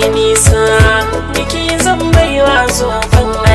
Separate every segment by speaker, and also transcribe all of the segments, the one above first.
Speaker 1: yi nisa, biki zan baiwa zuwa fanga.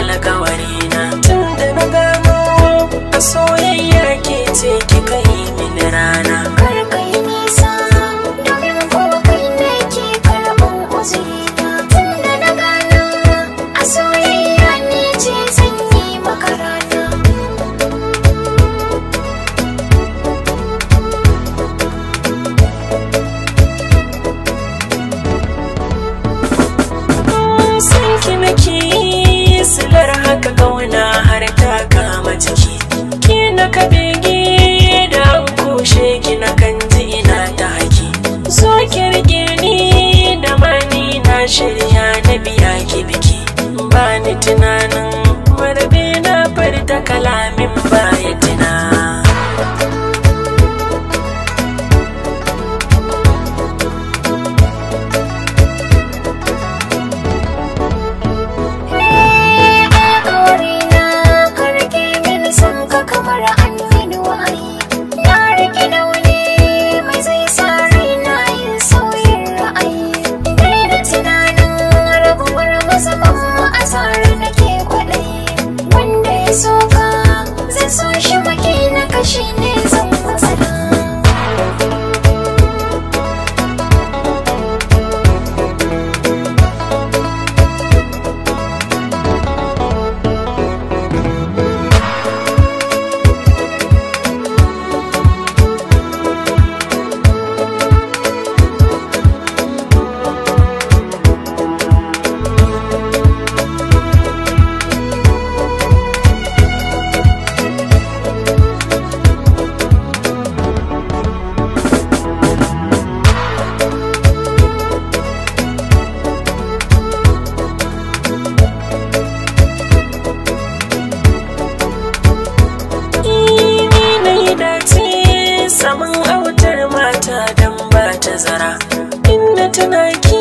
Speaker 1: tunaki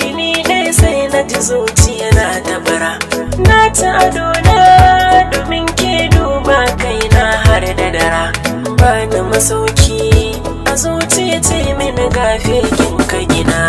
Speaker 1: jini ɗaya sai na ji zuciya na tabara na ta adona domin ke duba kaina har da dara ba na masauki a zuciya ce mini gafe kin ka gina